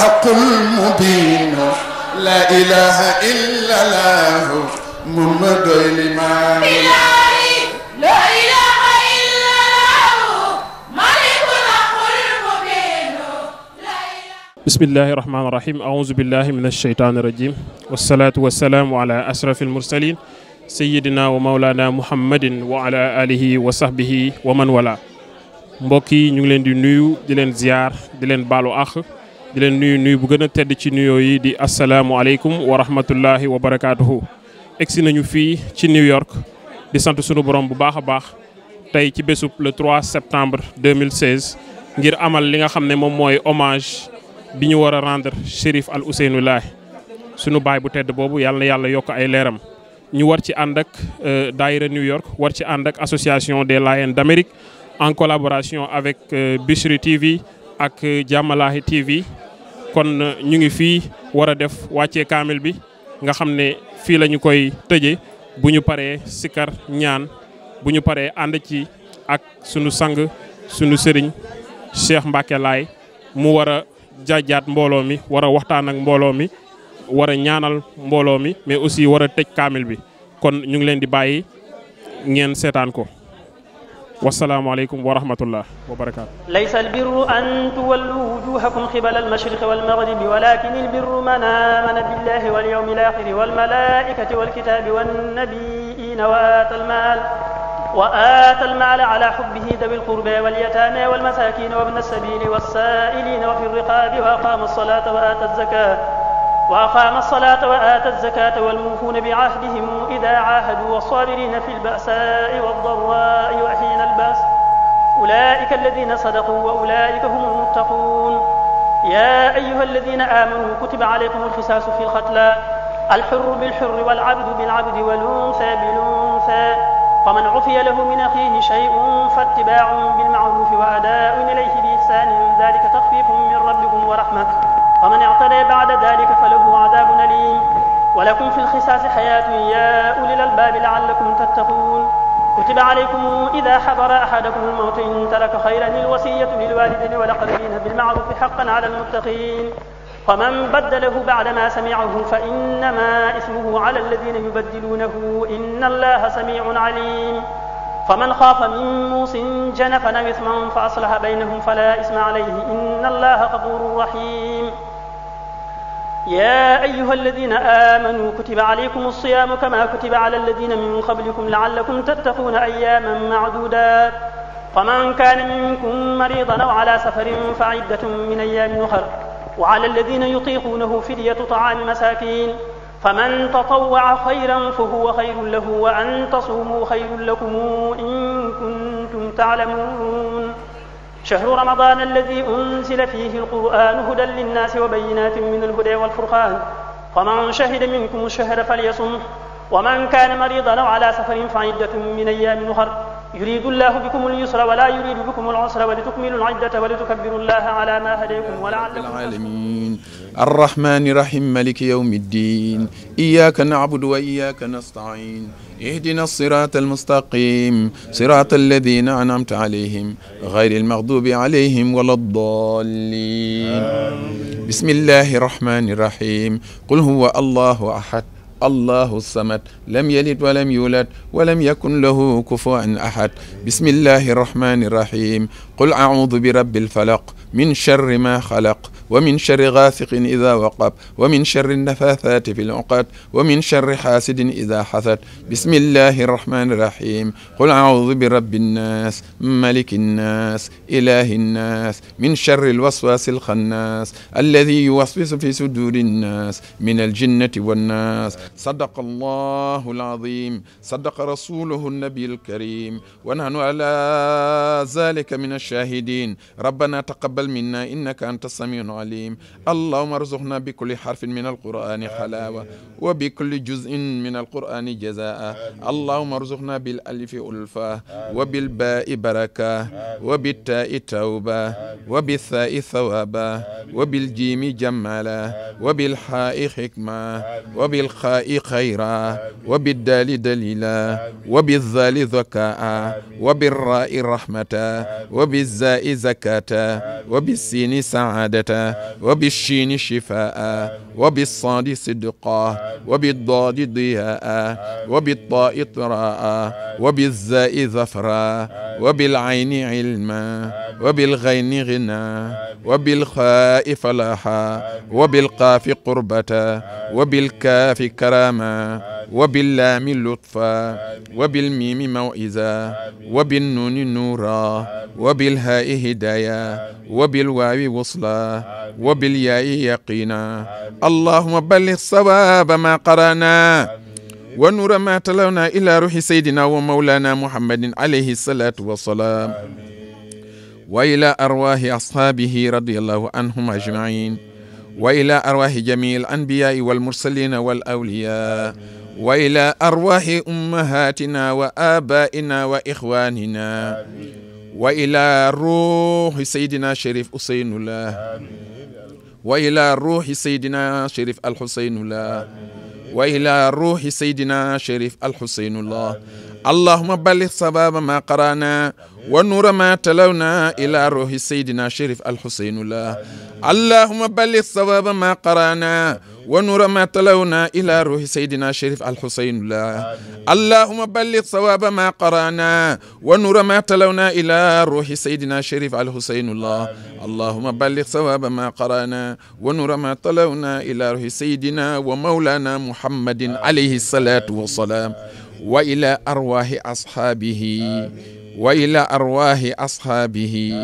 الحق المبين لا إله إلا الله محمد الإمام إلهي لا إله إلا الله ملك الحق المبين لا إله بسم الله الرحمن الرحيم أعوذ بالله من الشيطان الرجيم والصلاة والسلام على أشرف المرسلين سيدنا ومولانا محمد وعلى آله وصحبه ومن والاه mbokk yi ñu ngi leen di nuyu di leen ziar di leen baalu àq di leen nuyu nuyu bu gën a tedd ci nuyoo yi di asalaamualeykum wa rahmatullahi wa barakaatuhu. egsi nañu fii ci New York di sant sunu borom bu baax a baax tey ci bésub le 3 septembre 2016 ngir amal li nga xam ne moom mooy hommage bi ñu war a rendre Chérif Al Ousseynou Laye sunu baay bu tedd boobu yàlla yàlla yokk ay leeram. ñu war ci ànd ak euh, daayira New York war ci ànd ak association des Layènes d'Amérique en collaboration avec euh, Bichri TV. ak Diamalahi TV kon euh, ñu ngi fii war a def wàcce kaamil bi nga xam ne fii la ñu koy tëjee bu ñu paree sikar ñaan bu ñu paree ànd ci ak sunu sang sunu sëriñ Cheikh Mbacke Laay mu war a jaajaat mbooloo mi war a waxtaan ak mbooloo mi war a ñaanal mbooloo mi mais aussi war a tëj kaamil bi kon ñu ngi leen di bàyyi ngeen seetaan ko. wasalaamualeykum wa rahmatullah wa barakaatu. laysa albirru an tuwallu wujuhakum qibala almashriqi walmaghribi walakin albirru man amana billahi walyawmi alakhiri walmalaikati walkitabi wannabiyina wa ata almal wa ata almal ala hubbihi dawi alqurba walyatama walmasakin wabna alsabili wassailina wa fi alriqabi wa aqama alsalata wa ata alzakata وأقام الصلاة وآتى الزكاة والموفون بعهدهم إذا عاهدوا والصابرين في البأساء والضراء وحين البأس أولئك الذين صدقوا وأولئك هم المتقون يا أيها الذين آمنوا كتب عليكم القصاص في القتلى الحر بالحر والعبد بالعبد والأنثى بالأنثى فمن عفي له من أخيه شيء فاتباع بالمعروف وأداء إليه بإحسان ذلك تخفيف من ربكم ورحمة فمن اعتدى بعد ذلك فله عذاب أليم ولكم في الخساس حياة يا أولي الألباب لعلكم تتقون كتب عليكم إذا حضر أحدكم الموت إن ترك خيرا الوصية للوالدين والأقربين بالمعروف حقا على المتقين فمن بدله بعدما سمعه فإنما إثمه على الذين يبدلونه إن الله سميع عليم فمن خاف من موص جنفا إثما فأصلح بينهم فلا إثم عليه إن الله غفور رحيم يا أيها الذين آمنوا كتب عليكم الصيام كما كتب على الذين من قبلكم لعلكم تتقون أياما معدودات فمن كان منكم مريضا أو على سفر فعدة من أيام أخر وعلى الذين يطيقونه فدية طعام مساكين فمن تطوع خيرا فهو خير له وأن تصوموا خير لكم إن كنتم تعلمون شهر رمضان الذي أنزل فيه القرآن هدى للناس وبينات من الهدى والفرقان فمن شهد منكم الشهر فليصمه ومن كان مريضا أو على سفر فعدة من أيام أخر yuridu llahu bikum al-yusra wa la yuridu bikum al-usra wa litukmilu al-iddata wa litukabbiru llaha ala ma hadakum wa la'allakum alamin arrahmani rahim maliki yawmi ddin iyyaka na'budu wa iyyaka nasta'in اهدنا الصراط المستقيم صراط الذين أنعمت عليهم غير المغضوب عليهم ولا الضالين بسم الله الرحمن الرحيم قل هو الله أحد allahu samad lam yalid walam yulad walam yakun lahu kufuwan ahad bismillahi rahmani rahim qul audu bi rabbil falaq min charri ma xalaq wa min charri gaasiqin ida waqab wa min charri nafaathati fi luqad wa min charri xaasidin ida xasad bismillahi irrahmani irrahim qul audu bi rabbi nnas maliki nnas ilahi nnas min charri alwaswaasi alxannaas alladi yuwaswisu fi suduri nnas min aljinnati wannas sadaqa allahu alazim sadaqa rasuluhu annabi alkarim wa nahnu ala zalika min alshahidin rabbana taqabbal تقبل منا إنك أنت السميع العليم اللهم ارزقنا بكل حرف من القرآن حلاوة وبكل جزء من القرآن جزاء اللهم ارزقنا بالألف ألفة وبالباء بركة وبالتاء توبة وبالثاء ثوابا وبالجيم جمالا وبالحاء حكمة وبالخاء خيرا وبالدال دليلا وبالذال ذكاء وبالراء رحمة وبالزاء زكاة وبالسين سعادة وبالشين شفاء وبالصاد صدقا وبالضاد ضياء وبالطاء طراء وبالزاء ظفرا وبالعين علما وبالغين غنى وبالخاء فلاحا وبالقاف قربة وبالكاف كراما وباللام لطفا وبالميم موئزا وبالنون نورا وبالهاء هدايا وبالواو وصلا وبالياء يقينا اللهم بلغ صواب ما قرانا ونور ما تلونا إلى روح سيدنا ومولانا محمد عليه الصلاة والسلام وإلى أرواح أصحابه رضي الله عنهم أجمعين وإلى أرواح جميع الأنبياء والمرسلين والأولياء وإلى أرواح أمهاتنا وآبائنا وإخواننا wa ila ruuxi saydina chérif ouseynula wa ila ruuxi saydina chérif alxuseynula wa ila ruuxi saydina chérif alxuseynula allahuma ballig sababa ma qarana wa nuura ma talawna ila ruuxi saydina chérif alxuseynula allahuma ballig sababa ma qarana ونور ما تلونا إلى روح سيدنا شريف الحسين الله اللهم بلغ صواب ما قرأنا ونور ما تلونا إلى روح سيدنا شريف الحسين الله اللهم بلغ صواب ما قرأنا ونور ما تلونا إلى روح سيدنا ومولانا محمد عليه الصلاة والسلام وإلى أرواح أصحابه آمين. wa ila arwaahi ashaabihi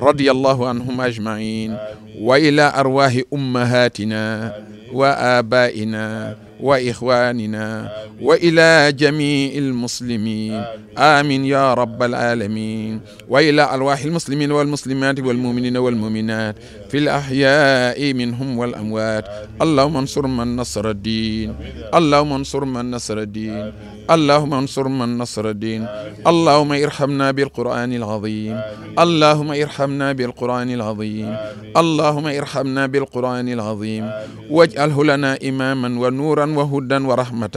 radiyallahu anhum ajmain wa ila arwaahi ummahaatina wa aabaa'ina wa ixwanina wa ila jamii almuslimin amin ya rab alalamin wa ila arwaxi almuslimin walmuslimat walmuminina walmuminat fi alahyai minhum walamwat allahuma ansur man nasara din allahuma ansur man nasara din allahuma ansur man nasara din allahuma irhamna bilquran alazim allahuma irhamna bilquran alazim allahuma irhamna bilquran alazim waj'alhu lana imaman wa nuran نورا وهدى ورحمة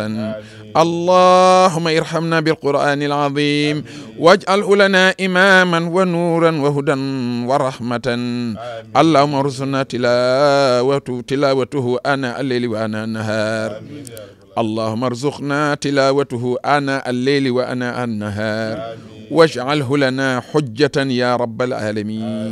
اللهم ارحمنا بالقرآن العظيم واجعله لنا إماما ونورا وهدى ورحمة اللهم ارزقنا تلاوته تلاوته أنا الليل وأنا النهار اللهم ارزقنا تلاوته آناء الليل وأناء النهار واجعله لنا حجة يا رب العالمين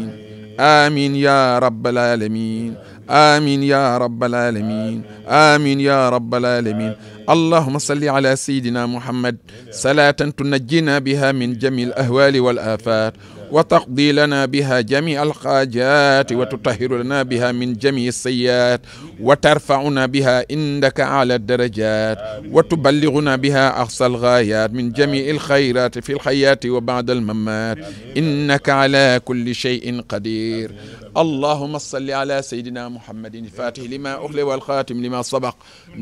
آمين يا رب العالمين آمين يا رب العالمين آمين يا رب العالمين اللهم صل على سيدنا محمد صلاة تنجينا بها من جميع الأهوال والآفات وتقضي لنا بها جميع الحاجات وتطهر لنا بها من جميع السيئات وترفعنا بها عندك أعلى الدرجات وتبلغنا بها أقصى الغايات من جميع الخيرات في الحياة وبعد الممات إنك على كل شيء قدير allahuma salli ala sayidina muhammadin alfatih lima uxle walxatim lima sabaq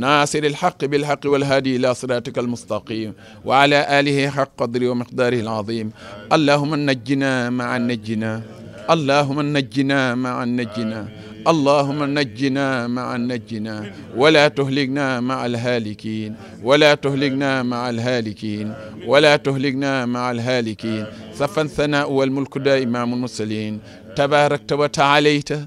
nasir alxaq bilxaq walhaadi ila siratika almustaqim wa ala alihi xaq qadri wa miqdaarihi alazim allahuma najjina maa najjina allahuma najjina maa najjina allahuma najjina maa najjina wala tuhlikna maa alhaalikiin wala tuhlikna maa alhaalikiin wala tuhlikna maa alhaalikiin safan sanaau walmulku daa'iman mursaliin tabaarakta wa taalayta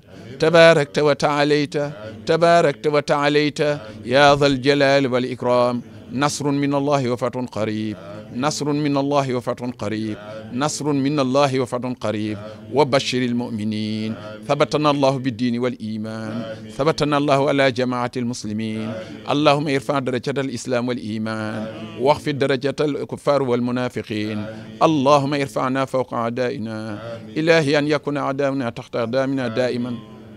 tabaarakta wa taalayta tabaarakta wa taalayta yaa zal jalaali wal ikraam nasrun min allahi wa fatun qariib nasrun min allahi wa fatun qarib nasrun min allahi wa fatun qarib wa bashir almuminin thabatana allahu biddini waliman thabatana allahu ala jamaati almuslimin allahuma irfa darajat alislam waliman واخفض درجة الكفار والمنافقين اللهم ارفعنا فوق أعدائنا إلهي أن يكون أعداؤنا تحت أقدامنا دائما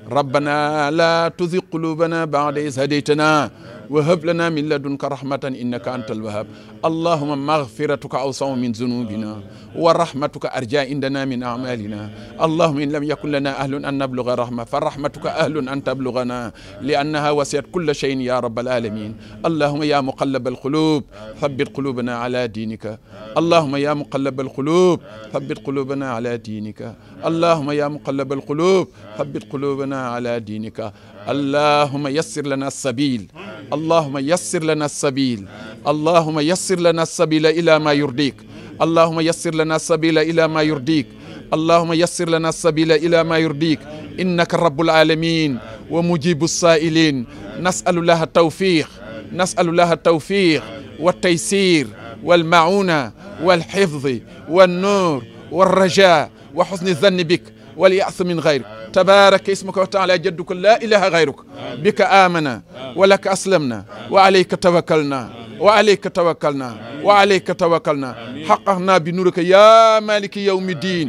ربنا لا تزغ قلوبنا بعد إذ هديتنا wa hab lana min ladunka rahmatan innaka antal wahhab allahumma maghfiratuka awsa'u min dhunubina wa rahmatuka arja indana min a'malina allahumma in lam yakun lana ahlun an nablugha rahma fa rahmatuka ahlun an tablughana li'annaha wasi'at kulla shay'in ya rabbal alamin allahumma ya muqallibal qulub thabbit qulubana ala dinika allahumma ya muqallibal qulub thabbit qulubana ala dinika allahumma ya muqallibal qulub thabbit qulubana ala dinika allahuma yassir lana sabil allahuma yassir lana sabil allahuma yassir lana sabila ila ma yurdik allahuma yassir lana sabila ila ma yurdik allahuma yassir lana sabila ila ma yurdik innaka rabbul alamin wa mujibu sailin nasalullaha tawfiq nasalullaha tawfiq wa taysir wal mauna wal hifdi wan nur wal raja wa husni zanni bik wal yaas min gayrik tabaraka ismuka wa taala jadduka laa ilaha gayruk bika aamana wa laka aslamna wa alayka tawakkalna wa alayka tawakkalna wa alayka tawakkalna xaqaqna bi nurika ya maliki yawmi diin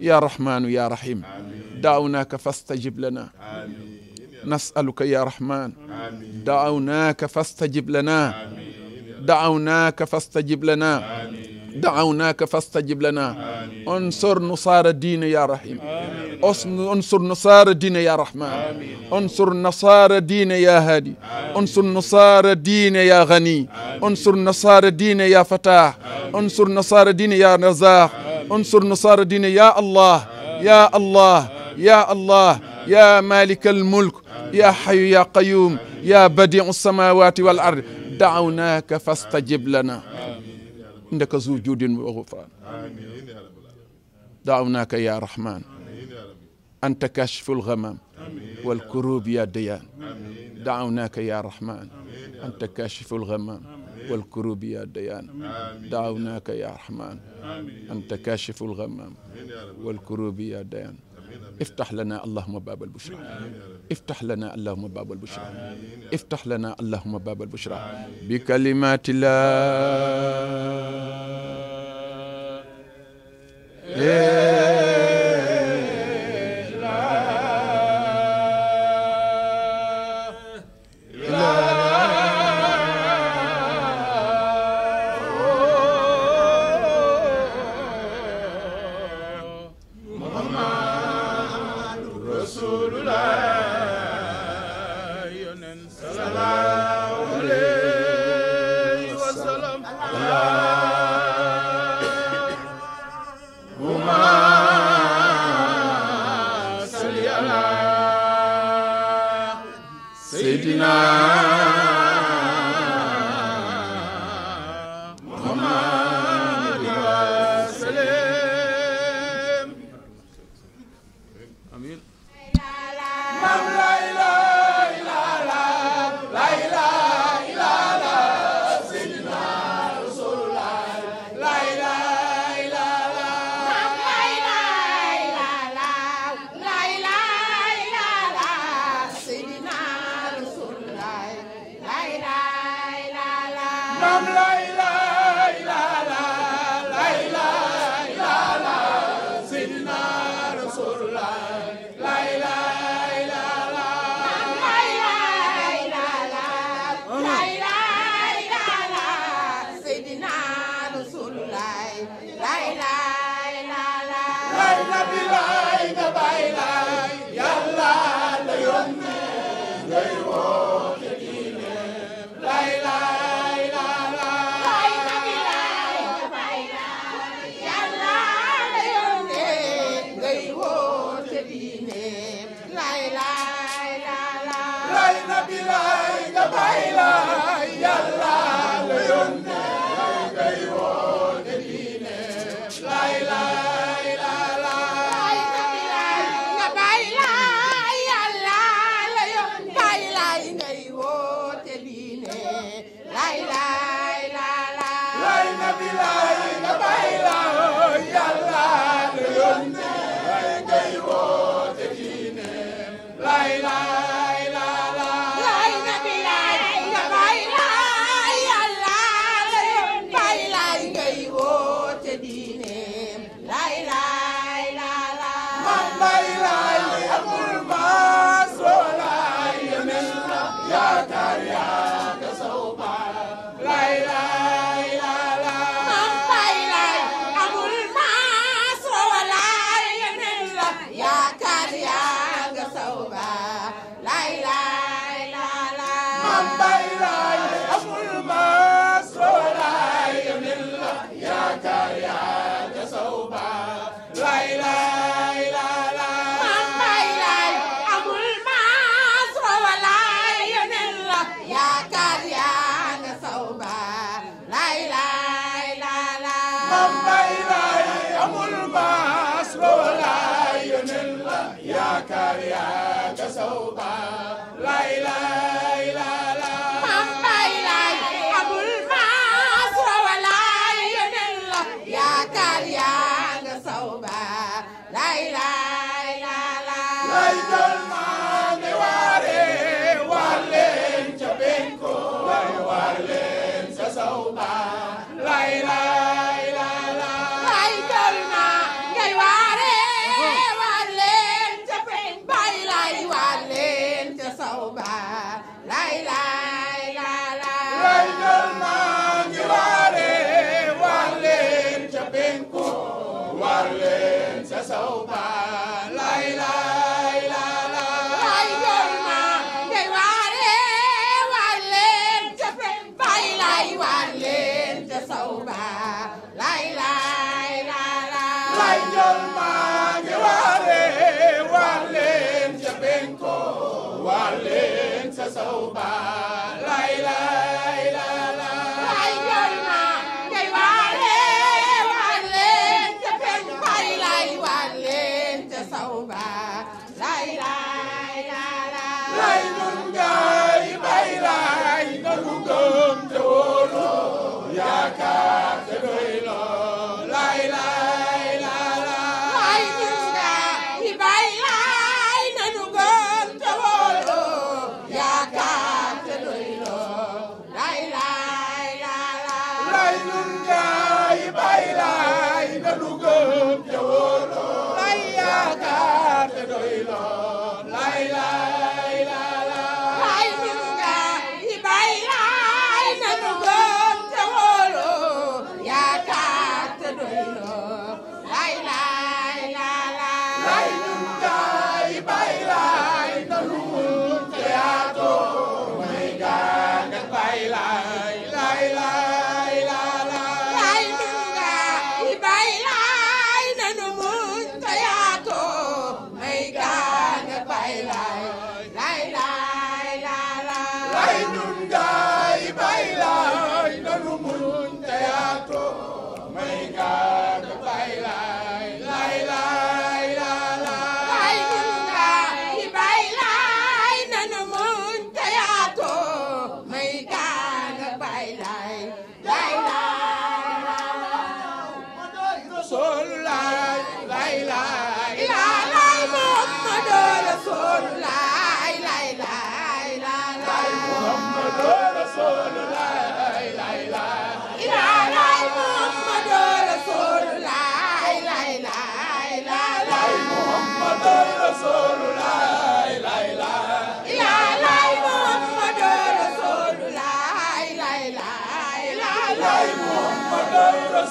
ya rahmanu ya rahim daawnaka fastajib lana nasaluka ya rahman daawnaka fastajib lana daawnaka fastajib lana دعوناك فاستجب لنا انصر نصارى الدين يا رحيم انصر نصارى الدين يا رحمن انصر نصارى الدين يا هادي انصر نصارى الدين يا غني انصر نصارى الدين يا فتاح انصر نصارى الدين يا رزاق انصر نصارى الدين يا الله يا الله يا الله يا مالك الملك يا حي يا قيوم يا بديع السماوات والأرض دعوناك فاستجب لنا إنك ذو جود وغفران دعوناك يا رحمن أنت كشف الغمام والكروب يا ديان دعوناك يا رحمن أنت كاشف الغمام والكروب يا ديان دعوناك يا رحمن أنت كاشف الغمام والكروب يا ديان افتح لنا اللهم باب البشرى افتح لنا اللهم باب البشرى افتح لنا اللهم باب البشرى بكلمات لا إيه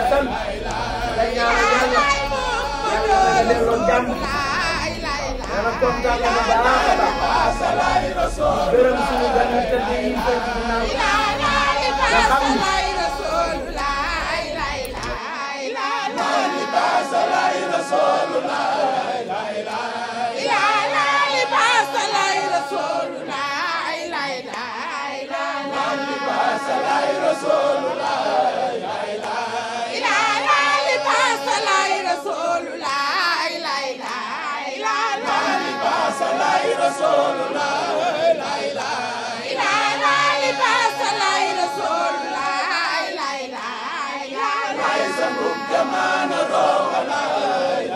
yàlla sant dañ ñaanal yàlla yàlla na leen doon jàmm yàlla kontaan na ba baax a baax gërëm suñu gan yi tëdd yi ñu koy ginnaaw nga xam ni Rasulullah, la ilaha كما نرى ولا إله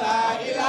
la ilaha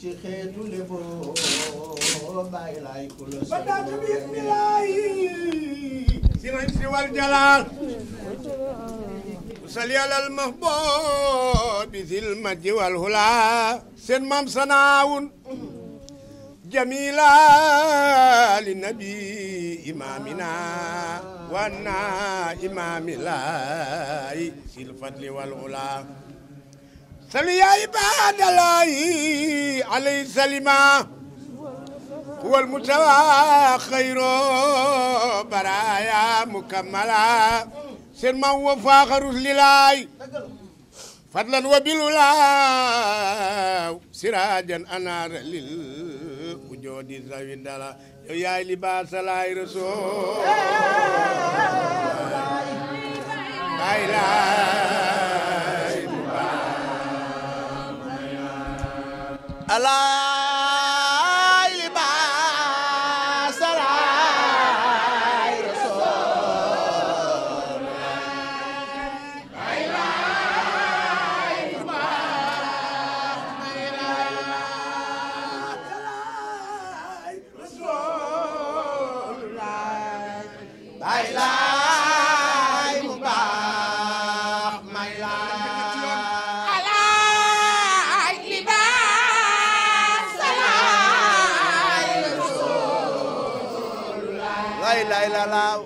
ci xeetu lebo bàyyi laay ku la ba daatu bismillaay sinañ si wal jalaal sali alal mahbub bisil majji wal hula seen maam sanaawun jamila li nabi imamina wanna imamilaay sil fadli wal hula صلي يا عباد الله عليه سلما هو المتوى خير برايا مكملا سرما وفاخر للاي فضلا وبالولا سراجا انار للوجود ذوي الدلا يا لباس لا رسول لا اله ala lay lay la laaw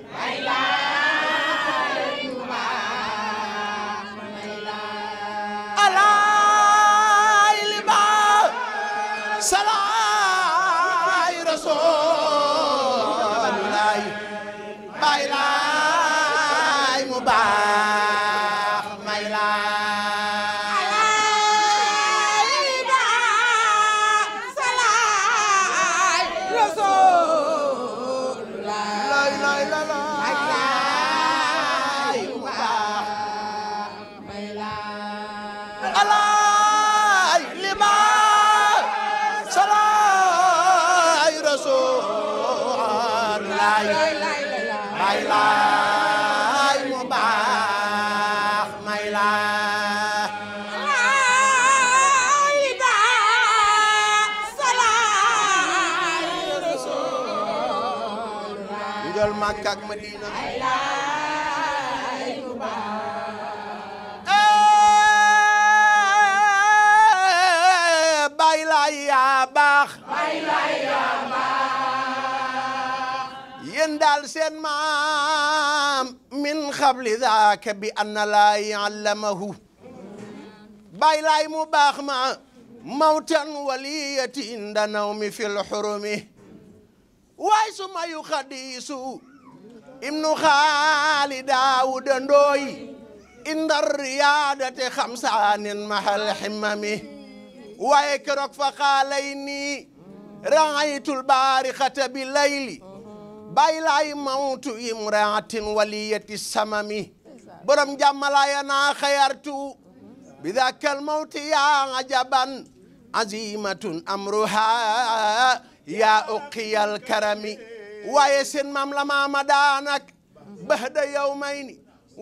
ñooñ daal seen maam min xabli daaka bi anna laay allamahu bàyyi laay mu baax ma mawtan waliyati inda nawmi fi lxurumi waay su mayu xadiisu ibnu xaali daawuda ndooy inda riyaadate xamsaanin mahal ximami waaye keroog fa xaalay nii raaytul baarixata bi layli bàyyi laay mawtu imraatin waliyati samami borom jàmmalaaya naa xayartu bi dakal mawti yaa ajaban azimatun amruha yaa uqiyal karami waaye seen maam la maama daanak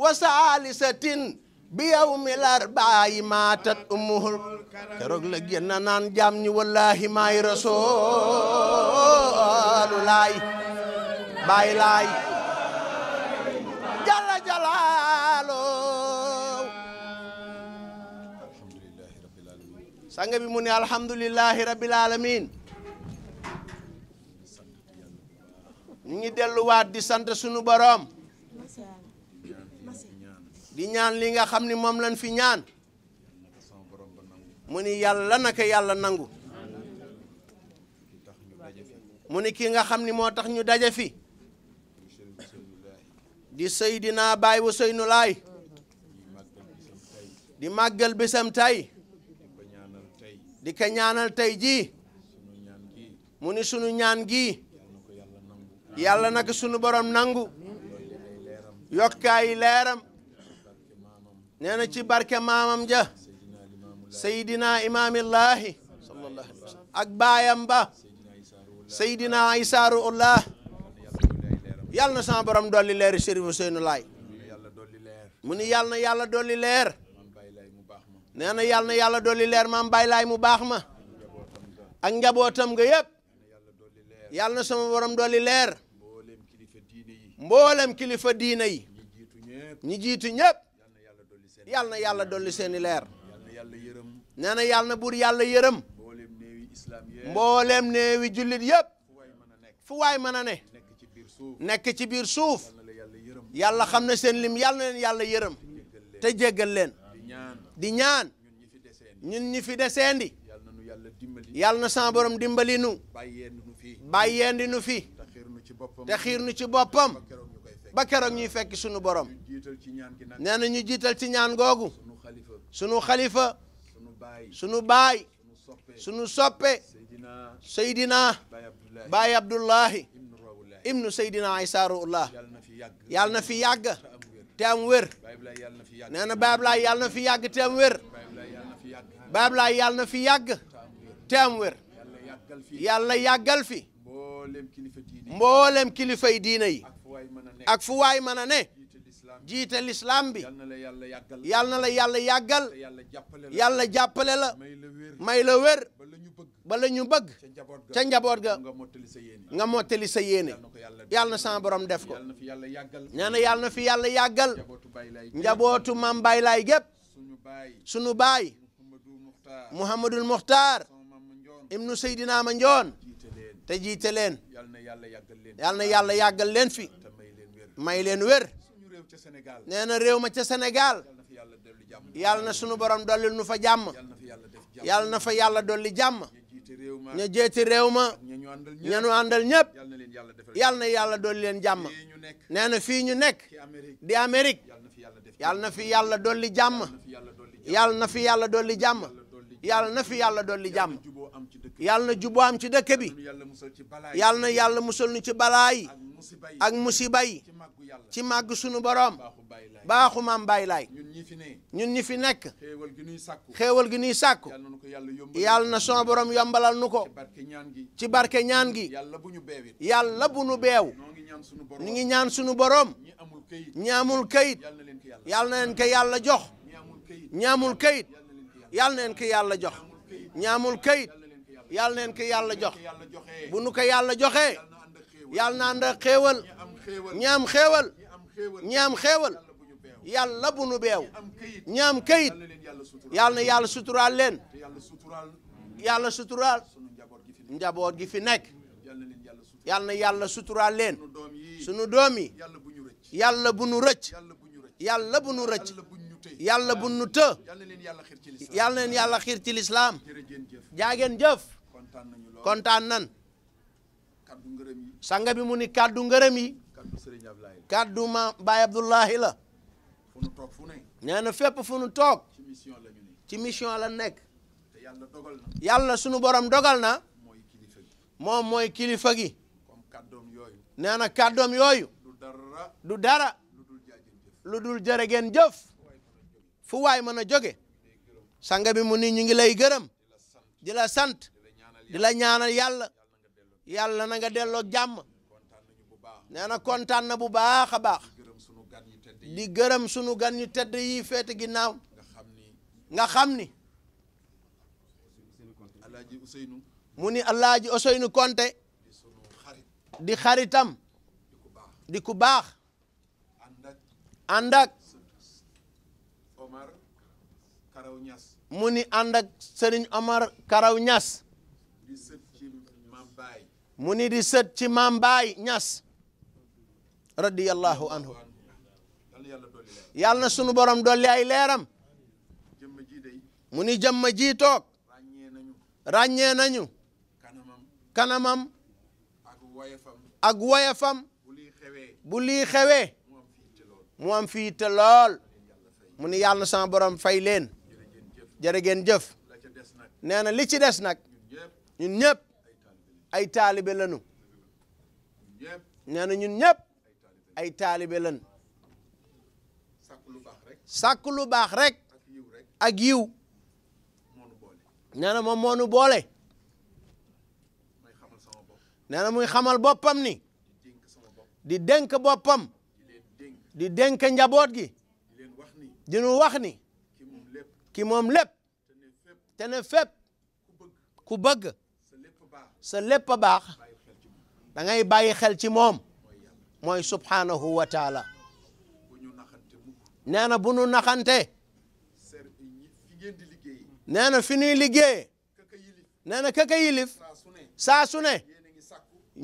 wa saalisatin bi yawmil arbaa'i maatat ummuhul keroog la génn naan wallahi maay rasoolu Baay Laay jalla jalaalo sang bi mu ne alhamdulillahi rabbil alamin ñu ngi delluwaat di sant sunu boroom di ñaan li nga xam ni moom lañ fi ñaan mu ni yàlla naka yàlla nangu mu ni ki nga xam ni moo tax ñu daje fi di Seydina Baay Ousseynou di màggal bisam tey di ko ñaanal tey jii mu ni sunu ñaan gii yàlla naka sunu borom nangu yokkaay leeram nee ci barke maamam ja Seydina Imaamillaahi ak baayam ba Seydina Isaaruullah yàlla na sama borom dolli leer Chérif Ousseynou Laye mu ni yàlla na yàlla dolli leer nee na yàlla na yàlla dolli leer maam Baye mu baax ma ak njabootam nga yëpp yàlla na sama borom dolli leer mboolem kilifa diina yi ñi jiitu ñëpp yàlla na yàlla dolli seeni leer nee na yàlla na buur yàlla yërëm mboolem néewi jullit yëpp fu waay mën a ne nekk ci biir suuf yàlla xam ne seen lim yàlla na leen yàlla yërëm te jéggal leen di ñaan ñun ñi fi deseendi yàlla na sama borom dimbali nu bàyyeendi nu fi te xiir nu ci boppam ba keroog ñuy fekk sunu borom nee na ñu jiital ci ñaan googu sunu xalifa sunu baay sunu soppe Seydina Baay Abdullahi ibnu Seydina Isaarullah yàlla na fi yàgg te am wér nee na Baay Ablaay yàlla na fi yàgg te am wér Baay na fi yàgg te yàlla yàggal fi mboolem kilifay diina yi ak fu waay mën ne jiite lislaam bi yàlla na la yàlla yàggal yàlla jàppale la may la bala ñu bëgg ca njaboot ga nga mottali sa yéene yàlla na sama borom def ko nee na yàlla na fi yàlla yàggal njabootu maam Baay Laay gépp sunu baay Mouhamadul Muxtaar ibnu Seydina Ma Njoon te jiite leen yàlla na yàlla yàggal leen fi may leen wér nee na réew ma ca Sénégal yàlla na sunu borom dollil nu fa jàmm yàlla na fa yàlla dolli jàmm ña jee ci réew ma ña ñu àndal ñëpp yal na yàlla dool leen jàmm nee na fii ñu nekk di Amérique yal na fi yàlla dolli jàmm yal na fi yàlla dolli jàmm yàlla na fi yàlla dolli jàmm yàlla na juboo am ci dëkk bi yàlla na yàlla musal nu ci balaa yi ak musiba yi ci màgg sunu boroom baaxu maam bàyyi laay ñun ñi fi nekk xéewal gi nuy sàkku yàlla na son boroom yombalal nu ko ci barke ñaan gi yàlla bu nu beew ñu ngi ñaan sunu boroom ñi amul kayit yàlla na leen ka yàlla jox ñi kayit yàlla neen ki yàlla jox ñaamul kayit yàlla neen ki yàlla jox bu nu ko yàlla joxee yàlla na ànd ak xéewal ñaam xéewal ñaam xéewal yàlla bu nu beew ñaam kayit yàlla na yàlla suturaal leen yàlla suturaal njaboot gi fi nekk yàlla na yàlla suturaal leen sunu doom yi yàlla bu nu rëcc yàlla yàlla bu nu të yàlla leen yàlla xiir ci lislaam jaageen jëf kontaan nan sanga bi mu ni kàddu ngërëm yi kàddu ma Baye Abdullahi la nee na fépp fu nu toog ci mission la nekk yàlla sunu borom dogal na moom mooy kilifa gi nee na yooyu du dara lu dul jërë ngeen jëf fu waay mën a jóge sanga bi mu ni ñu ngi lay gërëm di la sant di la ñaanal yàlla yàlla na nga delloo jàmm nee na kontaan na bu baax a baax di gërëm sunu gan ñu tedd yi feete ginnaaw nga xam ni mu ni Alaaji Ousseynou Konté di xaritam di ku baax ànd mu ni ànd ak Serigne Omar Karaw Niass mu ni di sët ci Maam Baay Niass radiyallahu anhu yàlla na sunu borom dolli ay mu ni jëmm ji toog nañu kanamam ak woyafam bu lii xewee mu am fiite lool mu ni yàlla na sama borom fay leen jërë ngeen jëf nee na li ci des nag ñun ñëpp ay taalibe lanu nee ñun ñëpp ay taalibe lan sàkk lu baax rek ak yiw nee na moom moonu boole nee na muy xamal boppam ni di dénk boppam di dénk njaboot gi dinu wax ni ki moom lépp te ne ku bëgg sa lépp a baax da ngay bàyyi xel ci moom mooy subhanahu wa taala bu nu naxante nee fi ñuy liggéey nee na kaka yilif saa su ne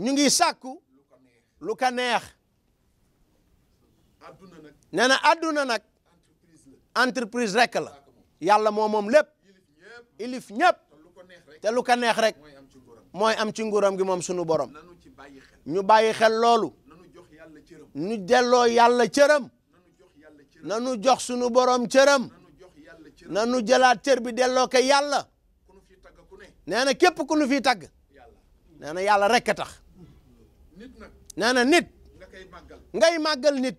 ngi sàkku lu neex nee na àdduna nag entreprise rek yàlla moo moom lépp ilif ñëpp te lu ko neex rek mooy am ci nguuram gi moom sunu borom ñu bàyyi xel loolu ñu delloo yàlla cëram na nu jox sunu borom cëram na nu jëlaat cër bi delloo ko yàlla nee na képp ku nu fiy tagg nee na yàlla rek a tax nee na nit ngay màggal nit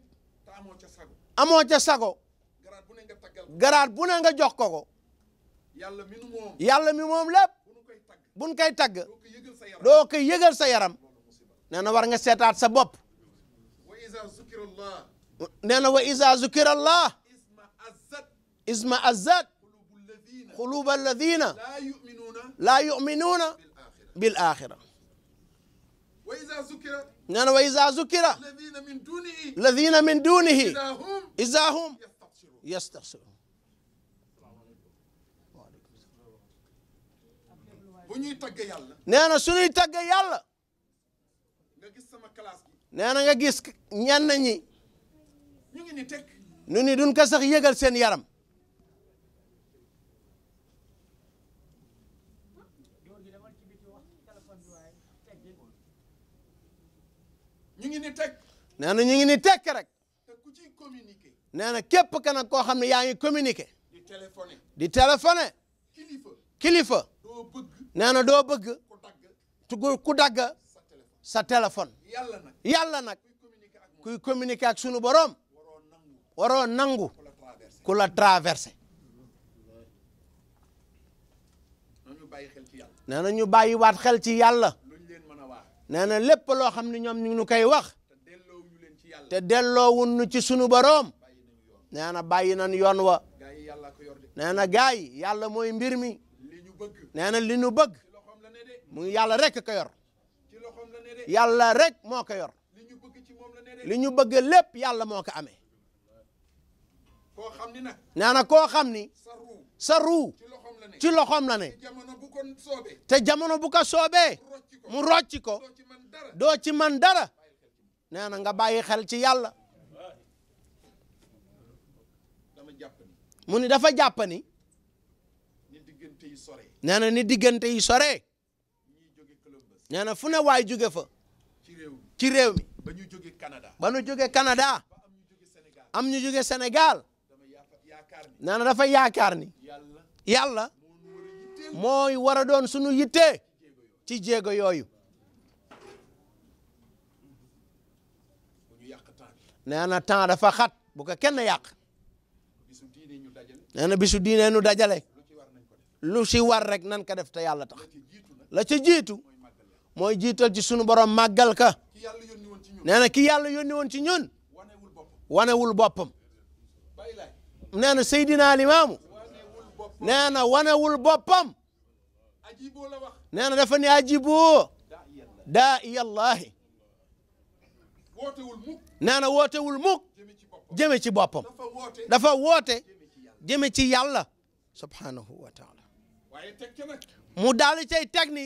amoo ca sago garaat bu ne nga jox ko ko yàlla mi moom yàlla mi moom lépp buñ koy tagg doo koy yëgal sa yaram nee na war nga seetaat sa bopp nee na wa iza zukira allah isma azzat xuluba alladina laa yuminuuna bil axira nee na wa iza zukira alladina min dunihi iza hum yastabsiruun ñuy tagg yàlla. nee na su ñuy tagg yàlla. nga gis sama classe nee na nga gis ñenn ñi. ñu ngi ni teg. ñu ni sax yëgal seen yaram. ñu ngi ni teg. nee na ñu ngi ni tekk rek. te ku ciy communiquer. nee na képp ka koo xam ne yaa ngi communiquer. di téléphoner. di téléphoner. kilifa. nee na doo bëgg ku dagg sa téléphone yàlla nag kuy communiquer ak sunu boroom waroo nangu ku la traversé nee na ñu bàyyi waat xel ci yàlla nee na lépp loo xam ne ñoom ñu ngi koy wax te delloowun nu ci sunu boroom nee na bàyyi nan yoon wa nee na gaay mooy mbir mi nee na li nu bëgg mu yàlla rek ko yor yàlla rek moo ko yor li ñu bëgg lépp yàlla moo ko amee nee na koo xam ni sa ruu ci loxoom la ne te jamono bu ko soobee mu rocci ko doo ci man dara nee na nga bàyyi xel ci yàlla mu ni dafa jàpp ni nee na ni diggante yi sore nee na fu waay jóge fa ci réew mi ba ñu jóge Canada ba ñu jóge Canada am ñu jóge Sénégal nee na dafa yaakaar ni yàlla mooy war a doon sunu yitte ci jéego yooyu nee na temps dafa xat bu ko kenn yàq nee na bisu diine nu dajale lu si war rek nan ka def te yàlla tax la ca jiitu mooy jiital ci sunu borom màggal ka nee na ki yàlla yónni woon ci ñun wanewul boppam nee na Seydina Limaamu nee na wanewul boppam nee na dafa ne ajiboo daa iyallahi nee na wootewul mukk jëme ci boppam dafa woote jëme ci yàlla subhanahu wa mu daal di cay teg ni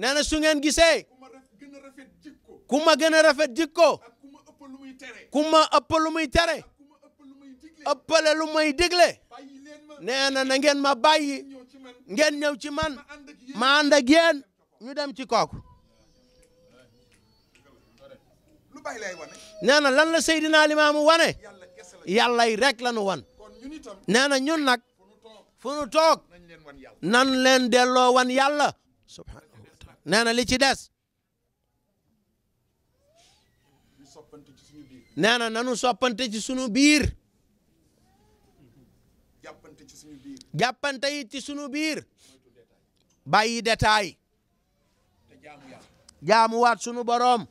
nee na su ngeen gisee ku ma gën a rafet jikko ku ma ëpp lu muy tere ëppale lu may digle nee na na ngeen ma bàyyi ngeen ñëw ci man ma ànd ak yéen ñu dem ci kooku nee na lan la Seydina Limaamu wane yàlla yi rek la nu wan nee na ñun nag fu nu toog nan leen delloo wan yàlla subhaanahu wa ci des nee na nanu soppante ci sunu biir jàppante yi ci sunu biir bàyyi détail jaamuwaat sunu boroom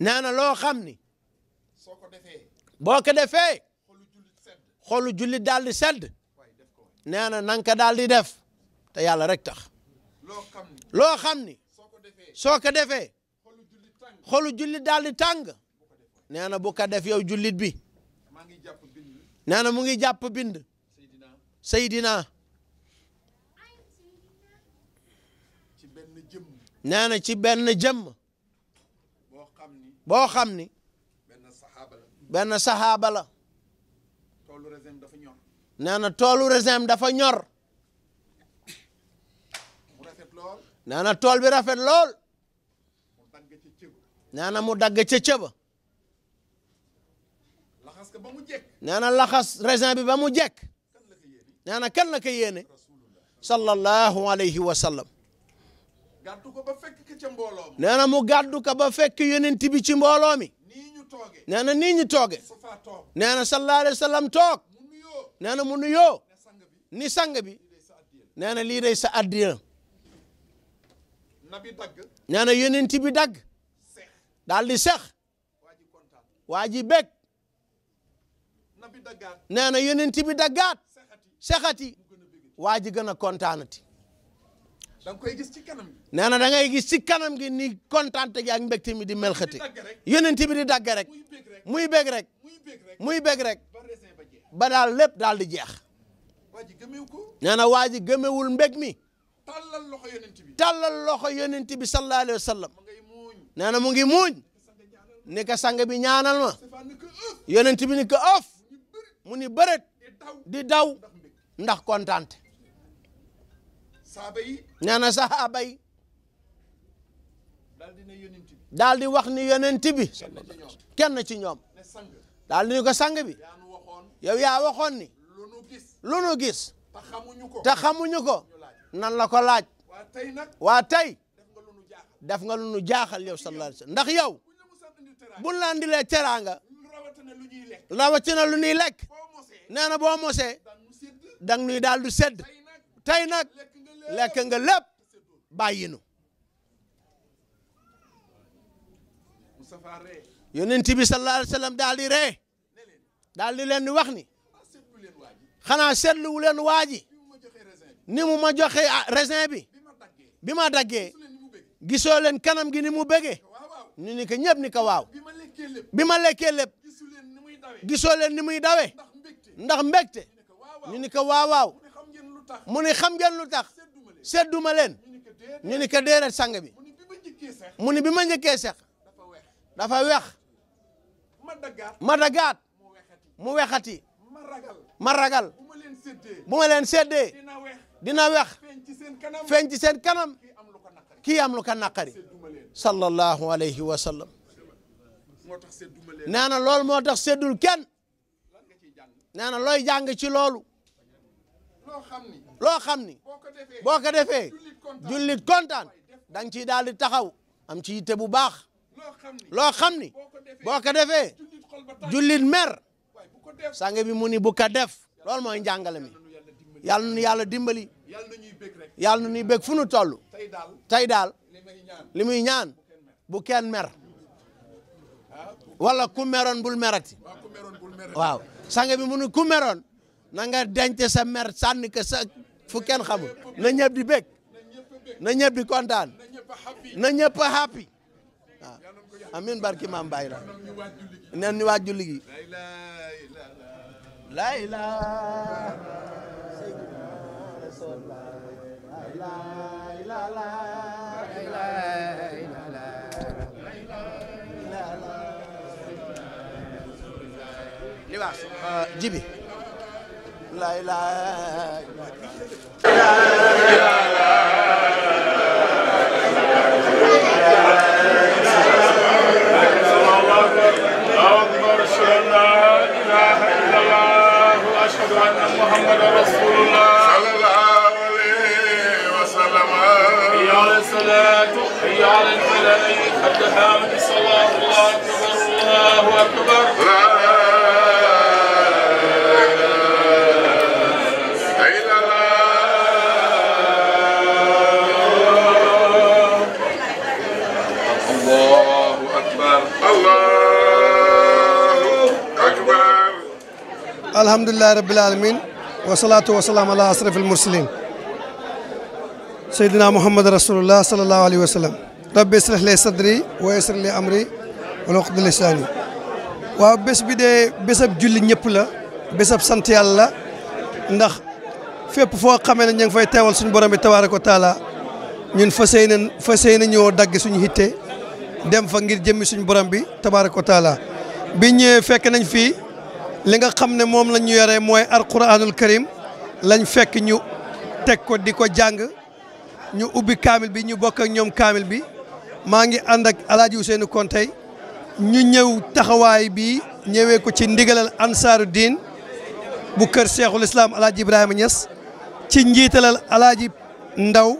nee loo xam ni boo ko defee xolu jullit daal di nee na nanga daal di def te yàlla rek tax loo xam ni soo ko defee xolu jullit daal di tàng nee na bu ko def yow jullit bi nee na mu ngi jàpp bind Seydina nee ci benn jëmm boo xam ni benn saxaaba nee na toolu raisin dafa ñor nee na tool bi rafet lool nee na mu dagg ca cëba nee na laxas raisin bi ba mu jekk nee na kan la ko yéene sallallahu alayhi wa sallam nee na mu gàddu ka ba fekk yonent bi ci mbooloo mi nee na nii ñu tooge nee na sallallahu alayhi wa sallam toog nee na mu nuyoo ni sang bi nee na lii day sa addiya nee na yonent bi dagg daal di sex waa ji bég nee na yonent bi daggaat sexati waa ji gën a kontaanati nee na da ngay gis ci kanam gi ni kontaante gi ak mbégte mi di melxati yonent bi di dagg rek muy bég rek muy bég rek ba daal lépp daal di jeex nee na waa ji gëmewul mbég mi tàllal loxo yonent bi sallallahu alayhi wa sallam nee na mu ngi muuñ ni ka sang bi ñaanal ma yonent bi ni ko ëf mu ni bërët di daw ndax kontaante nee na sahaaba yi di wax ni yonent bi ci ñoom daal di ni ko sang bi yow yaa waxoon ni lu nu gis lu nu gis xamuñu ko nan la ko laaj waa tey def nga lu nu jaaxal yow sallallahu alayhi wa sallam ndax yow buñ la andilee teraanga lu nuy lekk nee na boo mosee dang nuy daal du sedd tey nag lekk nga lépp bàyyi nu yonent bi sallallahu alayhi wa daal di ree daal di leen di wax ni xanaa seetluwu leen waa ji ni mu ma joxe ah, raisin bi bi ma daggee gisoo leen kanam gi ni mu bëggee ñu ni ko ñëpp ni ko waaw bi ma lekkee lépp gisoo leen ni muy dawe ndax mbégte ñu ni ko waaw waaw mu ni xam ngeen lu tax sedduma leen ñu ni ko déeret sang bi mu ni bi ma njëkkee seq dafa weex ma dagaat mu wexati ma ragal bu ma leen séddee dina wex feeñ ci seen kanam kii am lu ko naqari sallallahu alayhi wa sallam nee na loolu moo tax séddul kenn nee na looy jàng ci loolu loo xam ni boo ko defee jullit kontaan dang nga ciy daal di taxaw am ci yitte bu baax loo xam ni boo ko defee jullit mer sànge bi mu ni bu ko def loolu mooy njàngale mi yàlla nu yàlla dimbali yàlla nu ñuy bég fu nu toll tey daal li muy ñaan bu kenn mer wala ku meroon bul merati waaw sànge bi mu ni ku meroon na nga denc sa mer sànni ko sa fu kenn xamul na ñëpp di bég na ñëpp di kontaan na ñëpp happy waaw amin barki maam Baye la nen ñu waaj julli gi محمد رسول الله صلى الله عليه وسلم حي على الصلاة حي على الفلاح قد قامت الصلاة الله أكبر الله أكبر لا alhamdulilah rabbil alamin wasalaatu wasalaam ala asraf almursalin seydina muhammad rasulullah salallahu alayhi wa sallam rabbi israh li sadri wa yassir li amri wala uqda lisaani waaw bés bi de bésab julli ñëpp la bésab sant yàlla la ndax fépp foo xamee ne ña ngi fay teewal suñu borom bi tabaaraka wa taala ñun fas yéene fas yéene ñoo dagg suñu hitte dem fa ngir jëmmi suñu borom bi tabaaraka wa taala bi ñëwee fekk nañ fii li nga xam ne moom la ñu yoree mooy alquranul karim lañ fekk ñu teg ko di ko jàng ñu ubbi kaamil bi ñu bokk ak ñoom kaamil bi maa ngi ànd ak alaaji Ousseynou Kontey ñu ñëw taxawaay bi ñëwee ko ci ndigalal ansaaru diin bu kër seexul islam alaaji Ibrahima Niass ci njiitalal alaaji Ndaw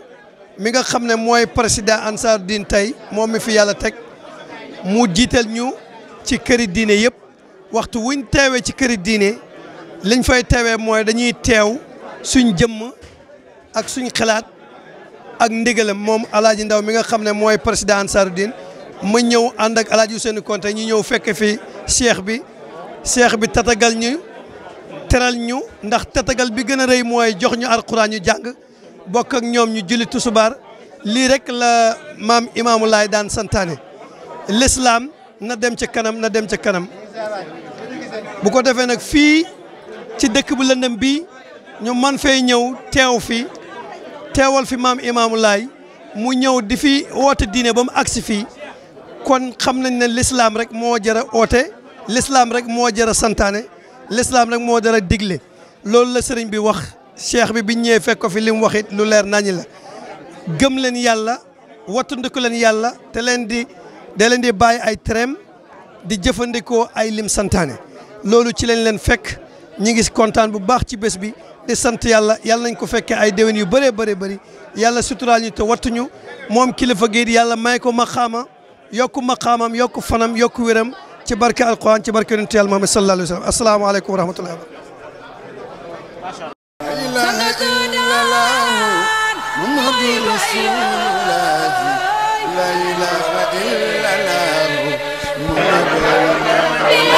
mi nga xam ne mooy président ansaaru diin tey moom mi fi yàlla teg mu jiital ñu ci këri diine yëpp. waxtu wuñ teewee ci këri diine liñ fay teewee mooy dañuy teew suñ jëmm ak suñ xalaat ak ndigalam moom alaaji ndaw mi nga xam ne mooy président Ansaarud-Din ma ñëw ànd ak alaaji seeni Konté ñu ñëw fekk fi cheikh bi cheikh bi tatagal ñu teral ñu ndax tatagal bi gën a rëy mooy jox ñu alxuraan ñu jàng bokk ak ñoom ñu julli tusubaar lii rek la maam imaamu laay daan santaane l'islam na dem ci kanam na dem ci kanam bu ko defee nag fii ci dëkk bu lëndëm bi ñu man fay ñëw teew fi teewal fi maam Imaamu mu ñëw di fi woote diine ba mu agsi fii kon xam nañ ne lislaam rek moo jara oote lislaam rek moo jara santaane lislaam rek moo jara digle loolu la sëriñ bi wax cheikh bi bi ñëwee fekk fi li mu wax lu leer nañu la gëm leen yàlla wattandiku leen yàlla te leen di da ay trem di jëfandikoo ay lim santaane loolu ci lañ leen fekk ñi ngi kontaan bu baax ci bés bi di sant yàlla yàlla nañ ko fekkee ay déwén yu bëree bëri bari yàlla suturaal ñu te wattuñu moom kilifa gi yàlla may ko maqaama yokk maqaamam yokk fanam yokk wéram ci barke alquran ci barke yonente yàlla Muhammad sallallahu alayhi wa sallam asalaamaaleykum wa rahmatullahi Thank you.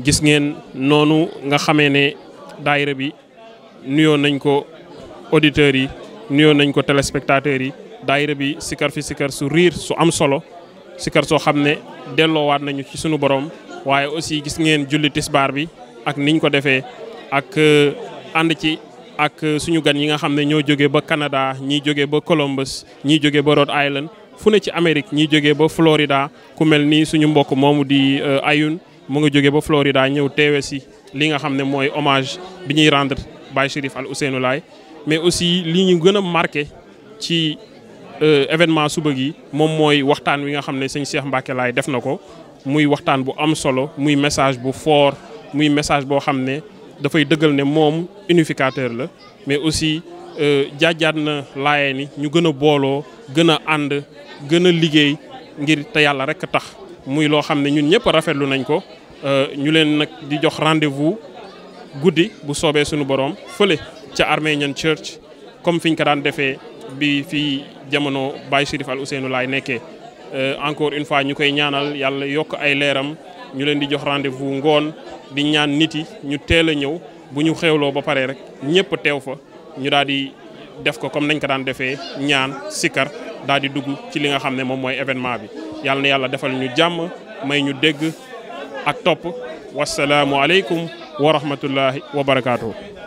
gis ngeen noonu nga xamee ne daayira bi nuyoo nañ ko auditeurs yi nuyoo nañ ko téléspectateurs yi daayira bi sikar fi sikar su riir su am solo sikar soo xam ne delloowaat nañu ci suñu borom waaye aussi gis ngeen julli tisbaar bi ak niñ ko defee ak euh, ànd ci ak euh, suñu gan yi nga xam ne ñoo jógee ba Canada ñii jógee ba Columbus ñii jógee ba Rhode Island fu ne ci Amérique ñii jógee ba Florida ku mel ni suñu mbokk moomu di euh, Ayun mu nga jóge ba Florida ñëw teewe si li nga xam ne mooy hommage bi ñuy rendre Baye Chérif Al Ousseynou Laye mais aussi lii ñu gën a marqué ci euh, événement suba gi moom mooy waxtaan wi nga xam ne sëñ Cheikh Mbacke laay def na ko muy waxtaan bu am solo muy message bu foor muy message boo xam ne dafay dëggal ne moom unificateur la mais aussi euh, jaajaat na laaye ni ñu gën a booloo gën a ànd gën a liggéey ngir te yàlla rek tax muy loo xam ne ñun ñëpp rafetlu nañ ko Euh, ñu leen nag di jox rendez-vous guddi bu soobee suñu borom fële ca Armenian Church comme fiñ ñu ko daan defee bi fii jamono Baye Chérif Al Ousseynou laay nekkee euh, encore une fois ñu koy ñaanal yàlla yokk ay leeram ñu leen di jox rendez-vous ngoon di ñaan nit yi ñu teel a ñëw bu ñu xewloo ba pare rek ñëpp teew fa ñu daal di def ko comme nañ ko daan defee ñaan sikkar daal di dugg ci li nga xam ne moom mooy événement bi yàlla na yàlla defal ñu jàmm may ñu dégg ak topp wasalaamualeykum wa rahmatullahi wa barakaatu.